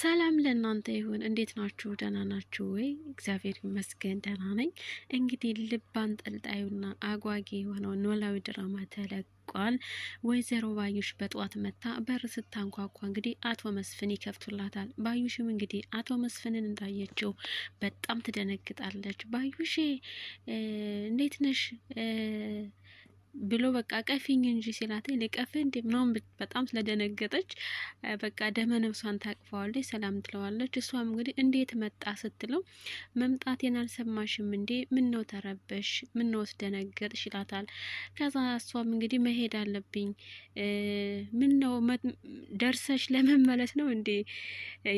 ሰላም ለእናንተ ይሁን። እንዴት ናችሁ? ደህና ናችሁ ወይ? እግዚአብሔር ይመስገን ደህና ነኝ። እንግዲህ ልብ አንጠልጣዩና አጓጊ የሆነው ኖላዊ ድራማ ተለቋል። ወይዘሮ ባዩሽ በጠዋት መታ በር ስታንኳኳ እንግዲህ አቶ መስፍን ይከፍቱላታል። ባዩሽም እንግዲህ አቶ መስፍንን እንዳየችው በጣም ትደነግጣለች። ባዩሽ እንዴት ነሽ? ብሎ በቃ ቀፊኝ እንጂ ሲላት ልቀፍ እንዴ ምናምን በጣም ስለደነገጠች በቃ ደመ ነፍሷን ታቅፈዋለች፣ ሰላም ትለዋለች። እሷም እንግዲህ እንዴት መጣ ስትለው መምጣቴን አልሰማሽም እንዴ ምን ነው ተረበሽ ምን ነው ስደነገጥሽ ይላታል። ከዛ እሷም እንግዲህ መሄድ አለብኝ ምን ነው ደርሰሽ ለመመለስ ነው እንዴ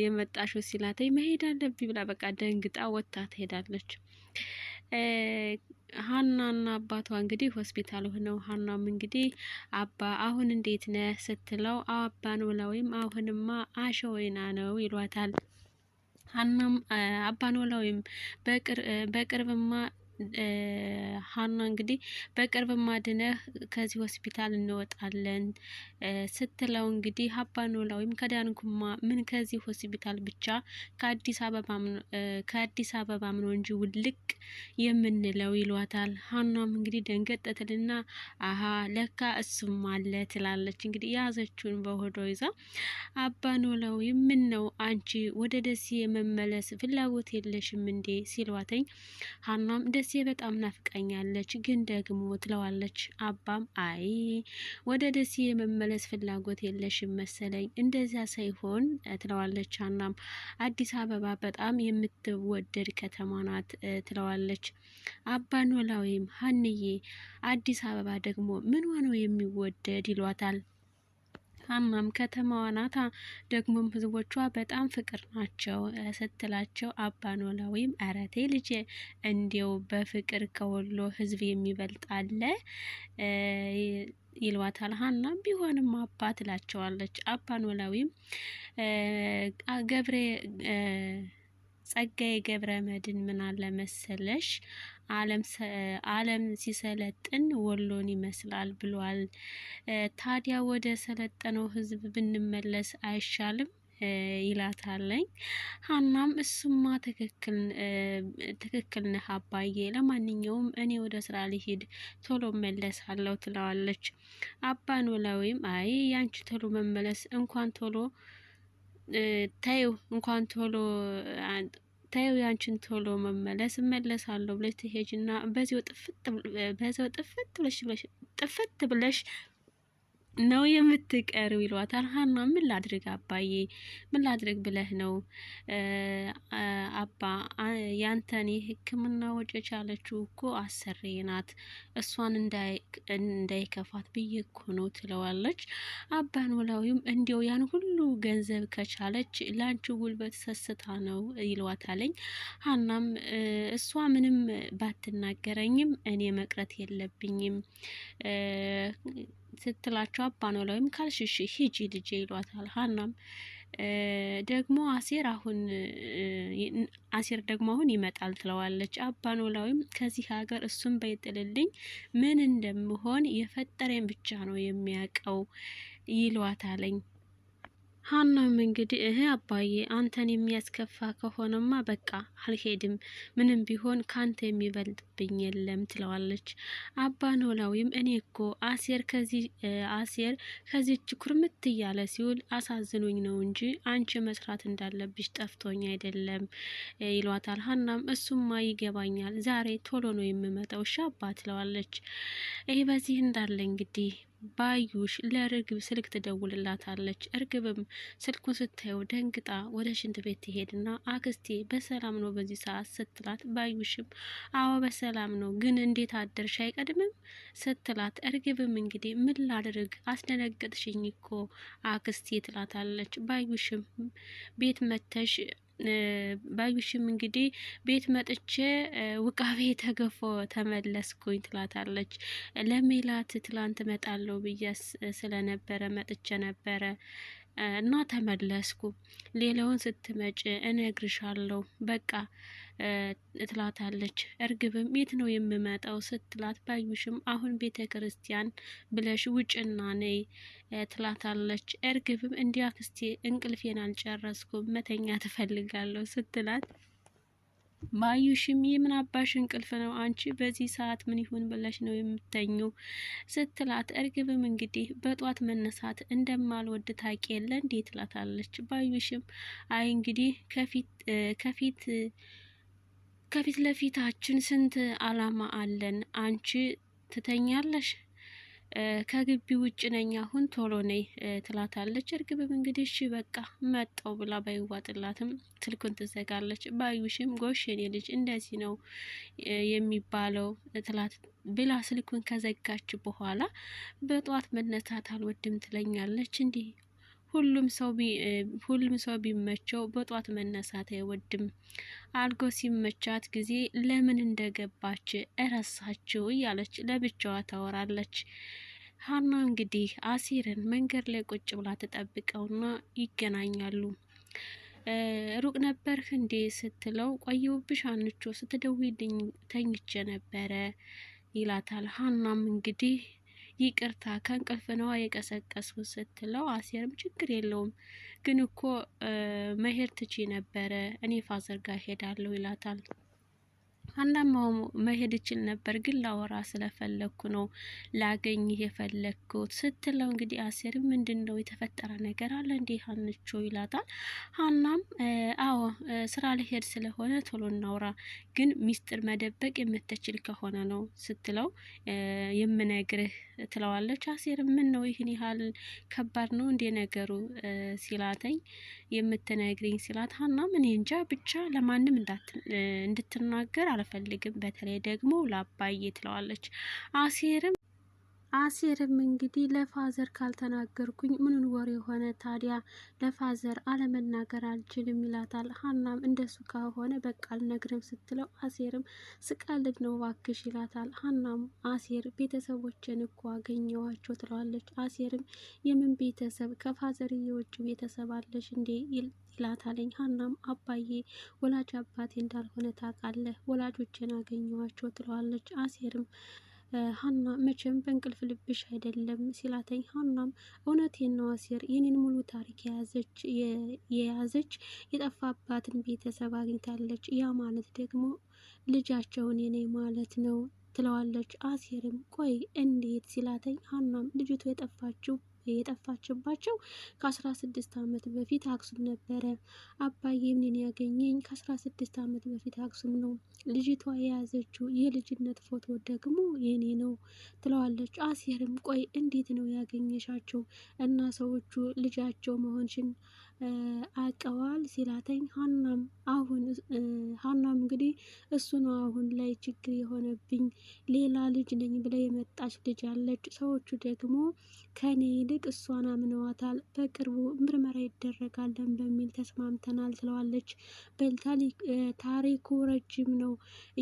የመጣሽው ሲላት መሄድ አለብኝ ብላ በቃ ደንግጣ ወጥታ ትሄዳለች። ሀናና አባቷ እንግዲህ ሆስፒታል ሆነው ሀናም እንግዲህ አባ አሁን እንዴት ነህ ስትለው አባ ኖላ ወይም አሁንማ አሸወይና ነው ይሏታል። ሀናም አባ ኖላ ወይም በቅርብማ ሀና እንግዲህ በቅርብ ማድነህ ከዚህ ሆስፒታል እንወጣለን ስትለው እንግዲህ ሀባኖላ ወይም ከዳንኩማ ምን ከዚህ ሆስፒታል ብቻ ከአዲስ አበባ ከአዲስ አበባ ነው እንጂ ውልቅ የምንለው ይሏታል። ሀናም እንግዲህ ደንገጠትልና አሀ ለካ እሱም አለ ትላለች። እንግዲህ የያዘችውን በሆዶ ይዛ አባኖላዊ ምን ነው አንቺ ወደ ደሴ የመመለስ ፍላጎት የለሽም እንዴ ሲሏተኝ ሀናም ደስ ደሴ በጣም ናፍቃኛለች፣ ግን ደግሞ ትለዋለች። አባም አይ ወደ ደሴ የመመለስ ፍላጎት የለሽም መሰለኝ፣ እንደዚያ ሳይሆን ትለዋለች። አናም አዲስ አበባ በጣም የምትወደድ ከተማ ናት ትለዋለች። አባ ኖላዊም ሀንዬ አዲስ አበባ ደግሞ ምን ሆነው የሚወደድ ይሏታል። ሀናም ከተማዋ ናታ ደግሞም ህዝቦቿ በጣም ፍቅር ናቸው ስትላቸው አባ ኖላዊም አረቴ ልጄ እንዲው በፍቅር ከወሎ ህዝብ የሚበልጣለ ይልዋታል ሀናም ቢሆንም አባ ትላቸዋለች። አባ ኖላዊም ገብሬ ጸጋዬ ገብረ መድን ምን አለ መሰለሽ ዓለም ሲሰለጥን ወሎን ይመስላል ብሏል። ታዲያ ወደ ሰለጠነው ህዝብ ብንመለስ አይሻልም? ይላታለኝ ሀናም እሱማ ትክክል ነህ አባዬ፣ ለማንኛውም እኔ ወደ ስራ ልሂድ ቶሎ መለሳለሁ ትለዋለች። አባ ኖላዊም አይ ያንቺ ቶሎ መመለስ እንኳን ቶሎ ታዩ እንኳን ቶሎ ታየው ያንቺን ቶሎ መመለስ እመለሳለሁ ብለሽ ትሄጂና በዚያው ጥፍት ብለሽ ጥፍት ብለሽ ነው የምትቀርብ ይሏታል። ሀና ምን ላድርግ አባዬ፣ ምን ላድርግ ብለህ ነው አባ ያንተን የሕክምና ወጪ የቻለችው እኮ አሰሬ ናት፣ እሷን እንዳይከፋት ብዬ እኮ ነው ትለዋለች። አባ ኖላዊም እንዲያው ያን ሁሉ ገንዘብ ከቻለች ለአንቺ ጉልበት ሰስታ ነው ይሏታለኝ። ሀናም እሷ ምንም ባትናገረኝም እኔ መቅረት የለብኝም ስትላቸው አባኖላዊም ካልሽሽ ሂጂ ልጄ ይሏታል። ሀናም ደግሞ አሴር አሁን አሴር ደግሞ አሁን ይመጣል ትለዋለች። አባኖላዊም ከዚህ ሀገር እሱን በይጥልልኝ ምን እንደምሆን የፈጠረኝ ብቻ ነው የሚያውቀው ይሏታለኝ። ሀናም እንግዲህ እህ አባዬ አንተን የሚያስከፋ ከሆነማ በቃ አልሄድም፣ ምንም ቢሆን ካንተ የሚበልጥብኝ የለም ትለዋለች። አባ ኖላዊም እኔ እኮ አሴር ከዚህ አሴር ከዚች ኩርምት እያለ ሲውል አሳዝኖኝ ነው እንጂ አንቺ መስራት እንዳለብሽ ጠፍቶኝ አይደለም ይሏታል። ሀናም እሱማ ይገባኛል፣ ዛሬ ቶሎ ነው የምመጣው እሺ አባ ትለዋለች። ይህ በዚህ እንዳለ እንግዲህ ባዩሽ ለርግብ ስልክ ትደውልላታለች። እርግብም ስልኩን ስታየው ደንግጣ ወደ ሽንት ቤት ትሄድና አክስቴ በሰላም ነው በዚህ ሰዓት ስትላት፣ ባዩሽም አዎ በሰላም ነው ግን እንዴት አደርሽ አይቀድምም ስትላት፣ እርግብም እንግዲህ ምን ላድርግ አስደነገጥሽኝ እኮ አክስቴ ትላታለች። ባዩሽም ቤት መተሽ ባዩሽም እንግዲህ ቤት መጥቼ ውቃቤ ተገፎ ተመለስኩኝ ትላታለች። ለሜላት ትላንት መጣለው ብዬ ስለነበረ መጥቼ ነበረ እና ተመለስኩ። ሌላውን ስትመጭ እነግርሻለሁ በቃ እትላታለች። እርግብም የት ነው የምመጣው ስትላት፣ ባዩሽም አሁን ቤተ ክርስቲያን ብለሽ ውጭና ነይ ትላታለች። እርግብም እንዲያ ክስቴ እንቅልፌን አልጨረስኩም መተኛ ትፈልጋለሁ ስትላት ባዩሽም የምን አባሽ እንቅልፍ ነው አንቺ በዚህ ሰዓት ምን ይሁን ብለሽ ነው የምተኙ? ስትላት እርግብም እንግዲህ በጧት መነሳት እንደማልወድ ታቂ የለ እንዴ ትላታለች። ባዩሽም አይ እንግዲህ ከፊት ከፊት ከፊት ለፊታችን ስንት አላማ አለን አንቺ ትተኛለሽ ከግቢ ውጭ ነኝ አሁን ቶሎ ነይ ትላታለች። እርግብም እንግዲህ እሺ በቃ መጣው ብላ ባይዋጥላትም ስልኩን ትዘጋለች። ባዩሽም ጎሽ የኔ ልጅ እንደዚህ ነው የሚባለው ትላት ብላ ስልኩን ከዘጋች በኋላ በጠዋት መነሳት አልወድም ትለኛለች። እንዲህ ሁሉም ሰው ሁሉም ሰው ቢመቸው በጧት መነሳት አይወድም። አልጎ ሲመቻት ጊዜ ለምን እንደገባች እረሳችው እያለች ለብቻዋ ታወራለች። ሀና እንግዲህ አሲርን መንገድ ላይ ቁጭ ብላ ተጠብቀውና ይገናኛሉ። ሩቅ ነበርህ እንዴ ስትለው ቆየሁብሽ አንቾ ስትደውይልኝ ተኝቼ ነበረ ይላታል። ሀናም እንግዲህ ይቅርታ ከእንቅልፍ ነዋ የቀሰቀስኩ ስትለው አሴርም ችግር የለውም ግን እኮ መሄድ ትቺ ነበረ እኔ ፋዘር ጋር ሄዳለሁ ይላታል። አንዳማው መሄድ ነበር ግን ላወራ ስለፈለግኩ ነው ላገኝ የፈለግኩት ስትለው እንግዲህ አሴርም ምንድን ነው የተፈጠረ ነገር አለ እንዲህ አንቾ ይላታል። ሀናም ስራ ልሄድ ስለሆነ ቶሎ እናውራ፣ ግን ሚስጥር መደበቅ የምትችል ከሆነ ነው ስትለው የምነግርህ ትለዋለች። አሴር ምን ነው ይህን ያህል ከባድ ነው እንዴ ነገሩ ሲላተኝ የምትነግርኝ ሲላት፣ ሀና ምን እንጃ ብቻ ለማንም እንድትናገር አልፈልግም፣ በተለይ ደግሞ ለአባዬ ትለዋለች። አሴርም አሴርም እንግዲህ ለፋዘር ካልተናገርኩኝ ምንን ወር የሆነ ታዲያ ለፋዘር አለመናገር አልችልም ይላታል። ሀናም እንደሱ ከሆነ በቃ አልነግርም ስትለው አሴርም ስቀልድ ነው ባክሽ ይላታል። ሀናም አሴር ቤተሰቦችን እኮ አገኘዋቸው ትለዋለች። አሴርም የምን ቤተሰብ ከፋዘር የውጭ ቤተሰብ አለሽ እንዴ? ይላታለኝ። ሀናም አባዬ ወላጅ አባቴ እንዳልሆነ ታውቃለህ፣ ወላጆችን አገኘዋቸው ትለዋለች። አሴርም ሀና መቼም በእንቅልፍ ልብሽ አይደለም ሲላተኝ፣ ሀናም እውነቴን ነው አሴር፣ የኔን ሙሉ ታሪክ የያዘች የጠፋባትን ቤተሰብ አግኝታለች። ያ ማለት ደግሞ ልጃቸውን የኔ ማለት ነው ትለዋለች። አሴርም ቆይ እንዴት ሲላተኝ፣ ሀናም ልጅቱ የጠፋችው የጠፋችባቸው ከአስራ ስድስት ዓመት በፊት አክሱም ነበረ። አባዬ እኔን ያገኘኝ ከአስራ ስድስት ዓመት በፊት አክሱም ነው። ልጅቷ የያዘችው የልጅነት ፎቶ ደግሞ የኔ ነው ትለዋለች። አሴርም ቆይ እንዴት ነው ያገኘሻቸው እና ሰዎቹ ልጃቸው መሆንሽን አቀዋል ሲላተኝ ሀናም አሁን ሀናም እንግዲህ እሱ ነው አሁን ላይ ችግር የሆነብኝ ሌላ ልጅ ነኝ ብለ የመጣች ልጅ አለች። ሰዎቹ ደግሞ ከኔ ይልቅ በእርግጥ እሷን አምነዋታል። በቅርቡ ምርመራ ይደረጋለን በሚል ተስማምተናል ትለዋለች። በልታሊ ታሪኩ ረጅም ነው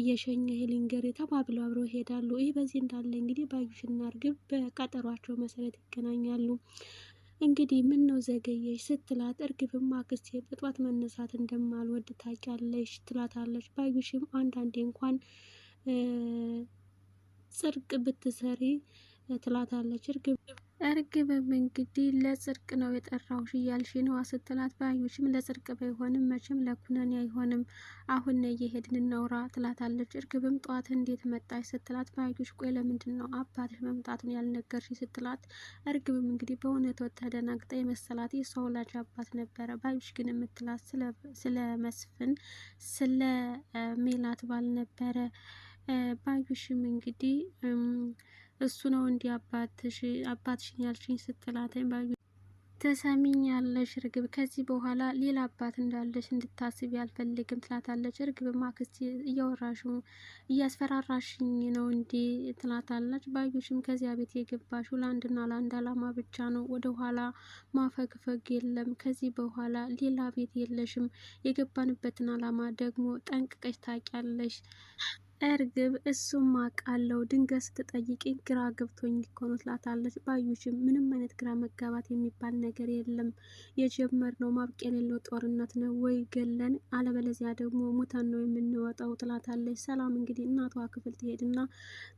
እየሸኘ ሄሊንገር ተባብለው አብረው ይሄዳሉ። ይህ በዚህ እንዳለ እንግዲህ ባዩሽና እርግብ በቀጠሯቸው መሰረት ይገናኛሉ። እንግዲህ ምን ነው ዘገየሽ? ስትላት እርግብም አክስቴ በጧት መነሳት እንደማልወድ ታውቂያለሽ ትላታለች። ባዩሽም አንዳንዴ እንኳን ጽድቅ ብትሰሪ ትላታለች። እርግብም እንግዲህ ለጽርቅ ነው የጠራሁሽ እያልሽ ነዋ ስትላት፣ ባዩሽም ለጽርቅ ባይሆንም መቼም ለኩነኔ አይሆንም አሁን እየሄድን እናውራ ትላታለች። እርግብም ጠዋት እንዴት መጣች ስትላት፣ ባዩሽ ቆይ ለምንድን ነው አባትሽ መምጣቱን ያልነገርሽ ስትላት፣ እርግብም እንግዲህ በእውነት ተደናግጣ የመሰላት የሷ ወላጅ አባት ነበረ። ባዩሽ ግን የምትላት ስለ መስፍን ስለ ሜላት ባል ነበረ። ባዩሽም እንግዲህ እሱ ነው እንዲህ አባትሽን ያልሽኝ ስትላተኝ ባዩ ትሰሚኛለሽ እርግብ፣ ከዚህ በኋላ ሌላ አባት እንዳለሽ እንድታስብ ያልፈልግም ትላታለች። እርግብማ አክስቴ እያወራሽ እያስፈራራሽኝ ነው እንዴ ትላታለች። ባዩሽም ከዚያ ቤት የገባሽው ለአንድና ለአንድ አላማ ብቻ ነው፣ ወደ ኋላ ማፈግፈግ የለም። ከዚህ በኋላ ሌላ ቤት የለሽም። የገባንበትን አላማ ደግሞ ጠንቅቀሽ ታውቂያለሽ። እርግብ እሱም አውቃለሁ ድንገት ስትጠይቅኝ ግራ ገብቶኝ እኮ ነው ትላታለች። ባዩሽም ምንም አይነት ግራ መጋባት የሚባል ነገር የለም፣ የጀመርነው ማብቂያ የሌለው ጦርነት ነው። ወይ ገለን አለበለዚያ ደግሞ ሙተን ነው የምንወጣው ትላታለች። ሰላም እንግዲህ እናቷ ክፍል ትሄድና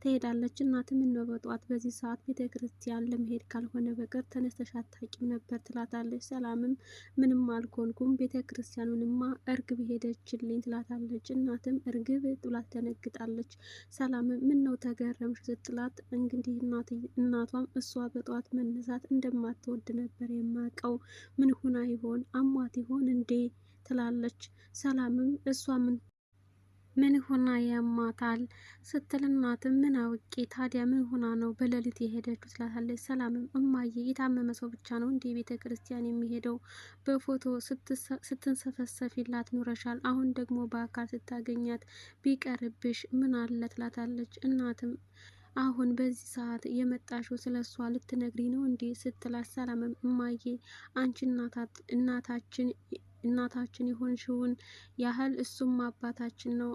ትሄዳለች። እናት የምንወጣው በዚህ ሰዓት ቤተ ክርስቲያን ለመሄድ ካልሆነ በቀር ተነስተሽ አታውቂም ነበር ትላታለች። ሰላምም ምንም አልኮንኩም ቤተ ክርስቲያኑንማ እርግብ ሄደችልኝ ትላታለች። እናትም እርግብ ብላ ትደነግጣለች። ትመጣለች። ሰላም ምን ነው ተገረምሽ ስትላት እንግዲህ እናቷም እሷ በጠዋት መነሳት እንደማትወድ ነበር የማውቀው። ምን ሁና ይሆን አሟት ይሆን እንዴ ትላለች። ሰላምም እሷ ምን ምን ሆና ያማታል ስትል እናትም ምን አውቄ ታዲያ ምን ሆና ነው በሌሊት የሄደችው ትላታለች። ሰላምም እማዬ የታመመ ሰው ብቻ ነው እንዲህ ቤተ ክርስቲያን የሚሄደው በፎቶ ስትንሰፈሰፊላት ኑረሻል። አሁን ደግሞ በአካል ስታገኛት ቢቀርብሽ ምን አለ ትላታለች። እናትም አሁን በዚህ ሰዓት የመጣሽው ስለ እሷ ልትነግሪ ነው እንዲህ ስትላት፣ ሰላምም እማዬ አንቺ እናታችን እናታችን የሆንሽውን ያህል እሱም አባታችን ነው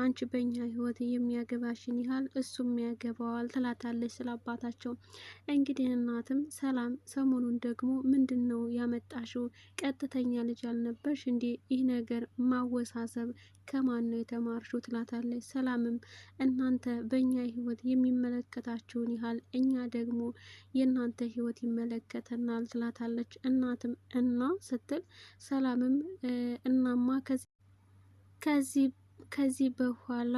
አንቺ በእኛ ህይወት የሚያገባሽን ያህል እሱም ያገባዋል ትላታለች ስለ አባታቸው። እንግዲህ እናትም ሰላም፣ ሰሞኑን ደግሞ ምንድን ነው ያመጣሽው? ቀጥተኛ ልጅ አልነበርሽ እንዴ? ይህ ነገር ማወሳሰብ ከማን ነው የተማርሽው? ትላታለች። ሰላምም እናንተ በእኛ ህይወት የሚመለከታችሁን ያህል እኛ ደግሞ የእናንተ ህይወት ይመለከተናል ትላታለች። እናትም እና ስትል ሰላምም እናማ ከዚህ ከዚህ በኋላ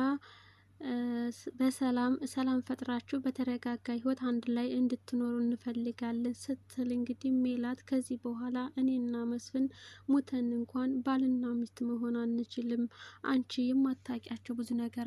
በሰላም ሰላም ፈጥራችሁ በተረጋጋ ህይወት አንድ ላይ እንድትኖሩ እንፈልጋለን ስትል እንግዲህ ሜላት ከዚህ በኋላ እኔና መስፍን ሙተን እንኳን ባልና ሚስት መሆን አንችልም። አንቺ የማታውቂያቸው ብዙ ነገር